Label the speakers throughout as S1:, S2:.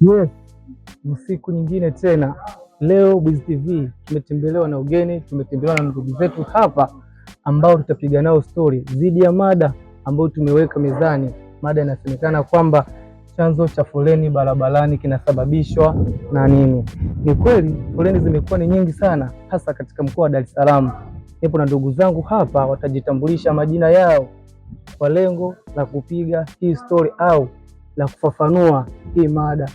S1: Yes, siku nyingine tena. Leo Biz TV tumetembelewa na ugeni, tumetembelewa na ndugu zetu hapa ambao tutapiga nao stori dhidi ya mada ambayo tumeweka mezani. Mada inasemekana kwamba chanzo cha foleni barabarani kinasababishwa na nini? Ni kweli foleni zimekuwa ni nyingi sana, hasa katika mkoa wa Dar es Salaam. Nipo na ndugu zangu hapa, watajitambulisha majina yao kwa lengo la kupiga hii stori au la kufafanua hii mada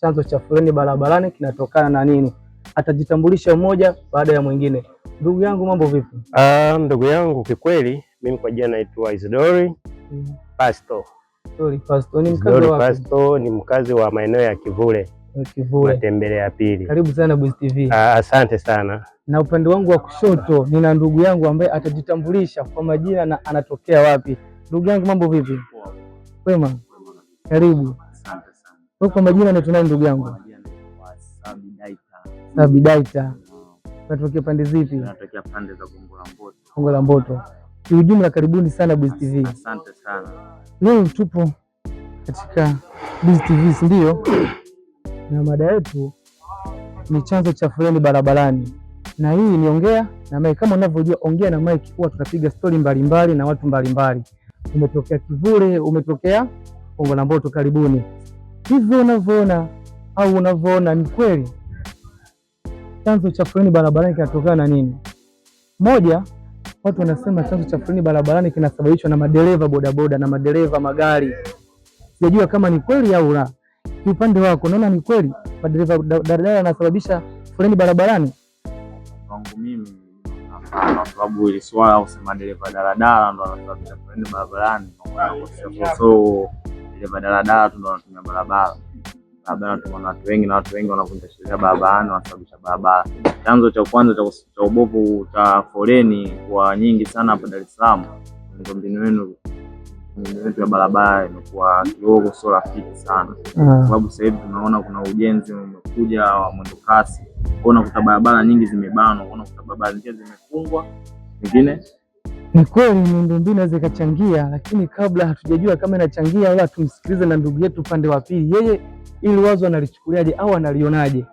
S1: chanzo cha foleni barabarani kinatokana na nini. Atajitambulisha mmoja baada ya mwingine. Ndugu yangu mambo vipi?
S2: Uh, ndugu yangu kikweli, mimi kwa jina naitwa Isidori mm. Pasto.
S1: Isidori Pasto ni mkazi wa Pasto
S2: ni mkazi wa maeneo ya Kivule Kivule, matembele ya pili.
S1: Karibu sana Boost TV.
S2: Uh, ah, asante sana.
S1: Na upande wangu wa kushoto nina ndugu yangu ambaye atajitambulisha kwa majina na anatokea wapi. Ndugu yangu mambo vipi? Wema. Karibu. Kwa majina ni tunaye ndugu yangu Daita. natokea pande zipi? Natokea pande za Gongo la Mboto. Kiujumla, karibuni sana Biz TV. Asante sana. Leo tupo katika Biz TV, si ndio? na mada yetu ni chanzo cha foleni barabarani, na hii ni ongea na Mike. Kama unavyojua ongea na Mike huwa tunapiga stori mbalimbali na watu mbalimbali. Umetokea Kivule, umetokea Gongo la Mboto, karibuni hivyo unavyoona au unavyoona ni kweli. Chanzo cha foleni barabarani kinatokana na nini? Moja, watu wanasema chanzo cha foleni barabarani kinasababishwa na madereva bodaboda na madereva magari. Sijajua kama ni kweli au la. Kiupande wako naona ni kweli, madereva daladala anasababisha foleni barabarani?
S2: Kwangu mimi kwa sababu ile swala usema dereva daladala ndo anasababisha foleni barabarani, so ile dala tu ndo wanatumia barabara barabara, tunaona watu wengi na watu wengi wanavunja sheria barabarani, wanasababisha barabara. Chanzo cha kwanza cha ubovu cha foleni kwa nyingi sana hapa Dar es Salaam, miundombinu yenu yetu ya barabara imekuwa kidogo sio rafiki sana, mm. sababu sasa hivi tunaona kuna ujenzi umekuja wa mwendo kasi, unakuta barabara nyingi zimebanwa, unakuta barabara zingine zimefungwa, zingine
S1: ni kweli miundombinu inaweza ikachangia, lakini kabla hatujajua kama inachangia wala, tumsikilize na ndugu yetu upande wa pili, yeye ili wazo analichukuliaje au analionaje?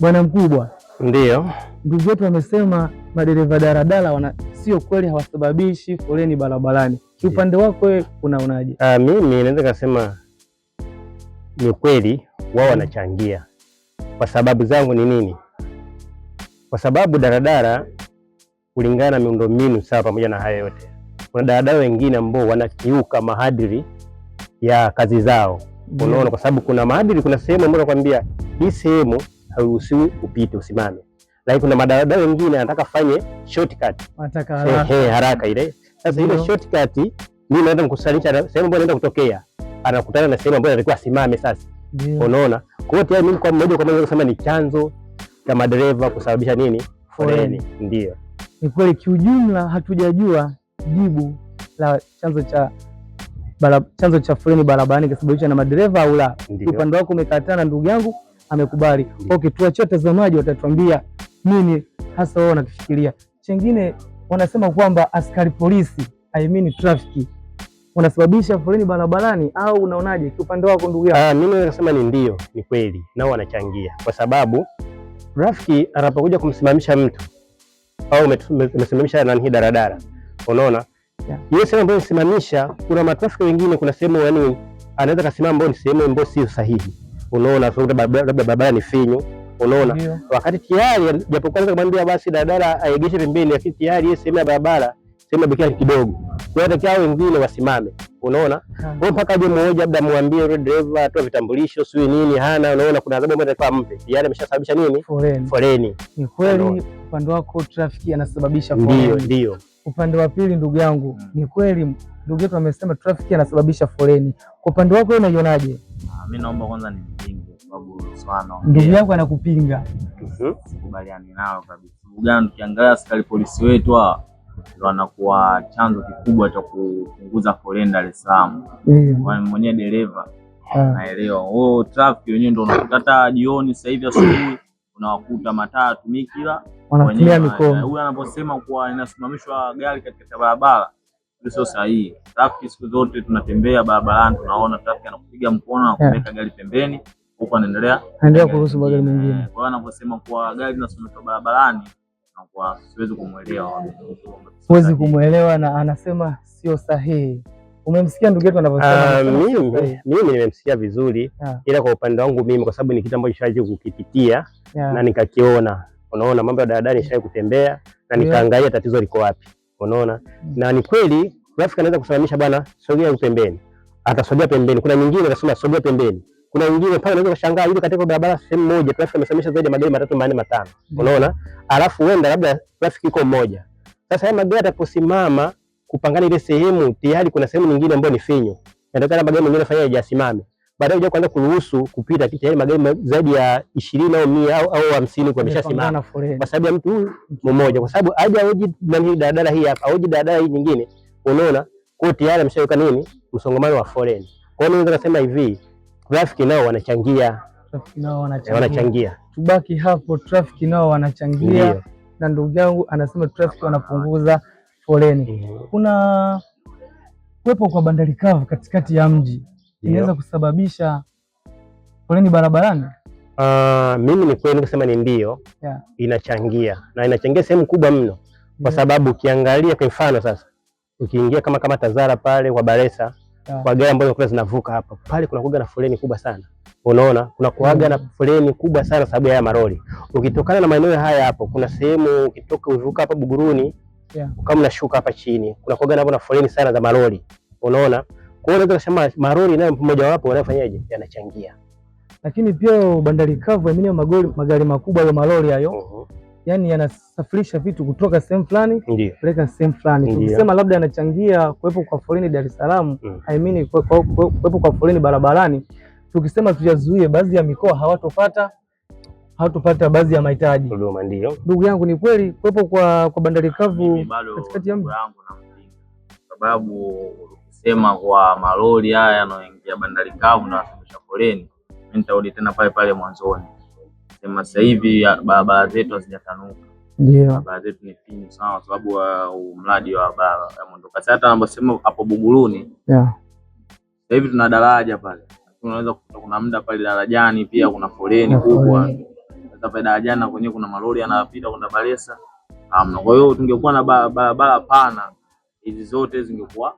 S1: Bwana mkubwa, ndio ndugu yetu amesema madereva daradara wana sio kweli, hawasababishi foleni barabarani. Kiupande wako wewe unaonaje?
S2: Ah, mimi naweza kusema ni kweli wao wanachangia. Kwa sababu zangu ni nini? Kwa sababu daradara kulingana na miundombinu sawa. Pamoja na hayo yote, kuna daladala wengine ambao wanakiuka mahadiri ya kazi zao, mm. unaona, kwa sababu kuna mahadiri, kuna sehemu ambayo nakwambia hii sehemu hauruhusiwi upite, usimame, lakini kuna madaladala wengine anataka fanye shortcut, anataka haraka, hey, haraka ile. Sasa ile shortcut ni naenda mkusanyisha sehemu ambayo naenda kutokea, anakutana na sehemu ambayo anatakiwa asimame. Sasa unaona, kwa hiyo tayari mimi kwa mmoja kwa mmoja nasema ni chanzo cha madereva kusababisha nini, foleni, ndio.
S1: Ni kweli kiujumla, hatujajua jibu la chanzo cha bala, chanzo cha foleni barabarani kisababisha na madereva au la. Upande wako umekataa na ndugu yangu amekubali. Okay, tuachie watazamaji, watatuambia nini hasa wao wanakishikilia. Chengine wanasema kwamba askari polisi I mean traffic wanasababisha foleni barabarani, au unaonaje kiupande wako ndugu yangu?
S2: Ah, Mimi nasema ni ndio, ni kweli, nao wanachangia kwa sababu trafiki anapokuja kumsimamisha mtu au umesimamisha nani daradara, unaona hiyo sehemu ambayo unasimamisha, kuna matrafiki wengine, kuna sehemu yani anaweza kasimama ambayo ni sehemu ambayo sio sahihi, unaona labda barabara ni finyu, unaona wakati tayari, japokuwa anaweza kumwambia basi daradara aegeshe pembeni, lakini tayari hiyo sehemu ya barabara sema beki yake kidogo, kwa hata kwa wengine wasimame, unaona kwa mpaka aje mmoja, labda muambie yule driver atoe vitambulisho sio nini, hana unaona, kuna adhabu moja kwa mpe, yani ameshasababisha nini,
S1: foreni foreni. Ni kweli upande wako traffic anasababisha foreni, ndio ndio. Upande wa pili, ndugu yangu, hmm. ni kweli ndugu yetu amesema traffic anasababisha foreni. Kwa upande wako wewe unaionaje?
S2: Ah, mimi naomba kwanza nipinge
S1: ndugu yangu anakupinga,
S2: mhm. sikubaliani nao kabisa. Ndugu yangu, tukiangalia askari polisi wetu hawa ndo anakuwa chanzo kikubwa cha kupunguza foleni Dar es Salaam. Mm. Kwa mwenye dereva naelewa oh, traffic wenyewe ndo unakuta hata jioni sasa hivi asubuhi unawakuta mataa yatumii kila
S1: wanatumia mikono. Eh,
S2: huyu anaposema kuwa inasimamishwa gari katika barabara sio sahihi. Traffic siku zote tunatembea barabarani, tunaona traffic anakupiga mkono na kuweka yeah, gari pembeni, huko anaendelea
S1: anaendelea kuruhusu magari mengine. Eh, kwa
S2: hiyo anaposema kuwa gari linasimamishwa barabarani siwezi kumwelewa,
S1: kumwelewa na anasema sio sahihi. Umemsikia ndugu yetu
S2: anavyosema? Uh, mimi nimemsikia vizuri yeah. Ila kwa upande wangu mimi, kwa sababu ni kitu ambacho nishaje kukipitia yeah. na nikakiona, unaona mambo ya daladala nishaje kutembea na nikaangalia yeah. tatizo liko wapi, unaona mm. na ni kweli rafiki anaweza kusimamisha bwana, sogea pembeni, atasogea pembeni. Kuna nyingine atasema sogea pembeni kuna wengine pale unaweza kushangaa yule katika barabara sehemu moja trafiki amesimamisha zaidi ya magari matatu manne matano, unaona, alafu huenda labda trafiki iko moja. Sasa haya magari yataposimama kupangana ile sehemu, tayari kuna sehemu nyingine ambayo ni finyo, inatokana magari mengine fanya hajasimame, baadaye uja kuanza kuruhusu kupita kitu, yaani magari zaidi ya ishirini au mia au au hamsini kwa ameshasimama kwa sababu ya mtu huyu mmoja, kwa sababu aje hoji nani daladala hii hapa hoji daladala hii nyingine, unaona, kwa tayari ameshaweka nini msongamano wa foreni. Kwa hiyo naweza kusema hivi trafiki nao wanachangia,
S1: wanachangia. wanachangia. Tubaki hapo, trafiki nao wanachangia Ndiyo. Na ndugu yangu anasema trafiki wanapunguza foleni. Mm. Kuna kuwepo kwa bandari kavu katikati ya mji inaweza kusababisha foleni barabarani?
S2: Uh, mimi ni kweli kusema ni ndio, yeah. Inachangia na inachangia sehemu kubwa mno, kwa sababu ukiangalia kwa mfano sasa, ukiingia kama kama Tazara pale kwa Baresa Ah. kwa gari ambazo zinavuka hapa pale, kunakuaga na foleni kubwa sana unaona, kunakuaga mm. na foleni kubwa sana sababu ya haya maroli. Ukitokana na maeneo haya hapo, kuna sehemu ukitoka uvuka hapa Buguruni yeah. kama unashuka hapa chini, kuna kuaga na foleni sana za maroli, unaona. Kwa hiyo unaweza kusema maroli nayo mmoja wapo wanayofanyaje yanachangia,
S1: lakini pia bandari kavu, yaani magari makubwa ya maroli hayo mhm yani yanasafirisha vitu kutoka sehemu fulani
S2: kupeleka
S1: sehemu fulani. Tukisema labda yanachangia kuwepo kwa foleni Dar es Salaam, mm. I mean kuwepo kwa foleni barabarani, tukisema tuyazuie, baadhi ya mikoa hawatopata hawatopata baadhi ya mahitaji.
S2: Ndio
S1: ndugu yangu, ni kweli kuwepo kwa, kwa bandari kavu katikati ya mji,
S2: sababu ukisema kwa malori haya yanayoingia bandari kavu na kusababisha foleni, mimi nitarudi tena pale pale mwanzoni tunasema sasa hivi barabara zetu hazijatanuka. Ndio. Barabara zetu ni finyu sana kwa sababu wa mradi wa barabara ya kasi, Hata anaposema hapo Buguruni. Yeah. Sasa hivi tuna daraja pale. Unaweza kukuta kuna muda pale darajani pia kuna foleni kubwa. Sasa pale darajani na kwenyewe kuna malori yanapita kwenda Balesa. Hamna. Kwa hiyo tungekuwa na barabara pana hizi zote zingekuwa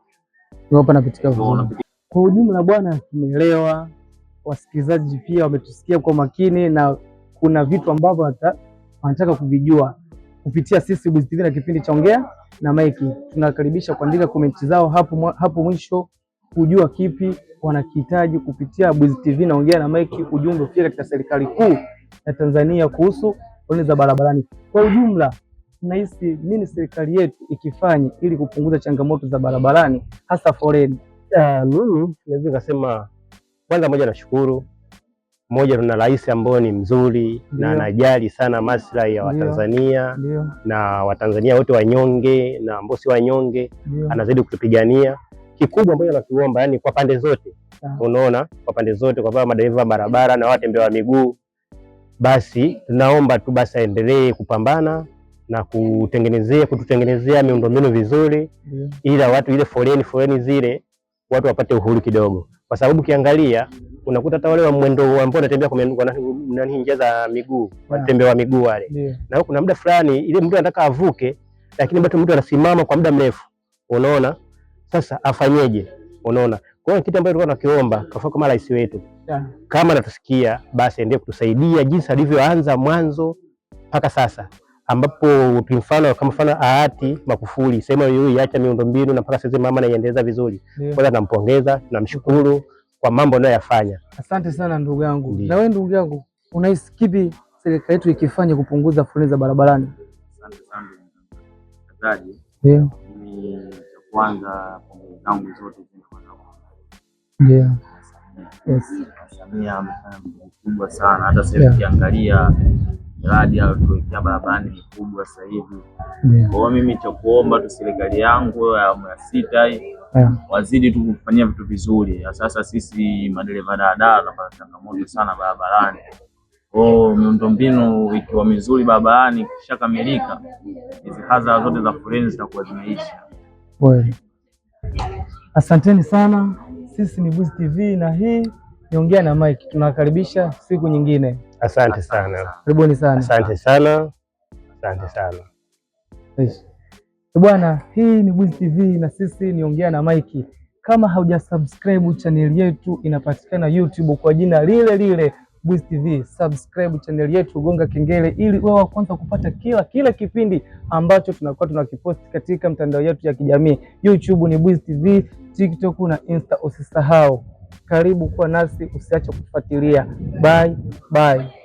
S1: kwa ujumla, bwana, tumeelewa. Wasikilizaji pia wametusikia kwa makini na kuna vitu ambavyo wanataka kuvijua kupitia sisi Buzii TV na kipindi cha Ongea na Mike. Tunakaribisha kuandika komenti zao hapo hapo mwisho, kujua kipi wanakihitaji kupitia Buzii TV na Ongea na Mike, ujumbe ufike katika serikali kuu ya Tanzania kuhusu foleni za barabarani. Kwa ujumla, tunahisi nini serikali yetu ikifanya ili kupunguza changamoto za barabarani hasa foleni?
S2: Ah, mimi uh, naweza kusema kwanza, moja nashukuru moja, tuna rais ambaye ni mzuri Dio. na anajali sana maslahi ya Watanzania na Watanzania wote wanyonge na ambao si wanyonge, anazidi kutupigania. Kikubwa ambacho nakiomba, yani kwa pande zote Dio. Ah. unaona, kwa pande zote, kwa madereva barabara na watembea wa miguu, basi tunaomba tu basi aendelee kupambana na kutengenezea kututengenezea miundombinu vizuri, ila watu ile foleni foleni zile watu wapate uhuru kidogo, kwa sababu ukiangalia unakuta hata wale wa mwendo ambao wanatembea kwa nani njia za miguu ah. watembea wa miguu wale, yeah. na kuna muda fulani ile mtu anataka avuke, lakini bado mtu anasimama kwa muda mrefu, unaona. Sasa afanyeje? Unaona, kwa hiyo kitu ambacho tulikuwa tunakiomba kafua kama rais wetu, yeah. kama anatusikia basi endelee kutusaidia jinsi alivyoanza mwanzo mpaka sasa, ambapo mfano kama mfano hayati Magufuli sema yeye iacha miundombinu na mpaka sasa mama anaiendeleza vizuri, yeah. kwanza namshukuru yeah kwa mambo unayoyafanya.
S1: Asante sana ndugu yangu. Na wewe ndugu yangu, unahisi kipi serikali yetu ikifanya kupunguza foleni za barabarani? Asante sana mtangazaji. Ndio.
S2: Mimi kwanza pongezi zangu zote Samia amefanya mkubwa sana, hata sasa ukiangalia miradi yaliyotokea barabarani mikubwa sasa hivi. Kwa hiyo mimi cha kuomba tu serikali yangu ya awamu ya sita yeah. wazidi tu kufanyia vitu vizuri. Sasa sisi madereva daladala tunapata changamoto sana barabarani o miundombinu ikiwa mizuri barabarani ikishakamilika, hizi hadhara zote za foleni zitakuwa zimeisha.
S1: Kweli. Asanteni sana. Sisi ni Mbuzi TV na hii niongea na Mike, tunakaribisha siku nyingine.
S2: Asante sana, karibuni sana. Asante sana, asante sana
S1: bwana. Hii ni Mbuzi TV na sisi ni Ongea na Mikey. Kama subscribe chaneli yetu, inapatikana YouTube kwa jina lile lile Bwizzy TV, subscribe channel yetu, gonga kengele ili uwe wa kwanza kupata kila kila kipindi ambacho tunakuwa tunakipost katika mtandao yetu ya kijamii. YouTube ni Bwizzy TV, TikTok na Insta usisahau. Karibu kuwa nasi, usiache kufuatilia Bye bye.